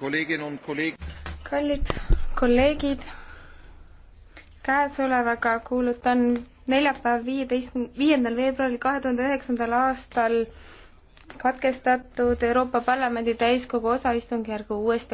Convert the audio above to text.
kallid kolleegid, käesolevaga kuulutan neljapäev, viieteist, viiendal veebruaril kahe tuhande üheksandal aastal katkestatud Euroopa Parlamendi täiskogu osaistungjärgu uuesti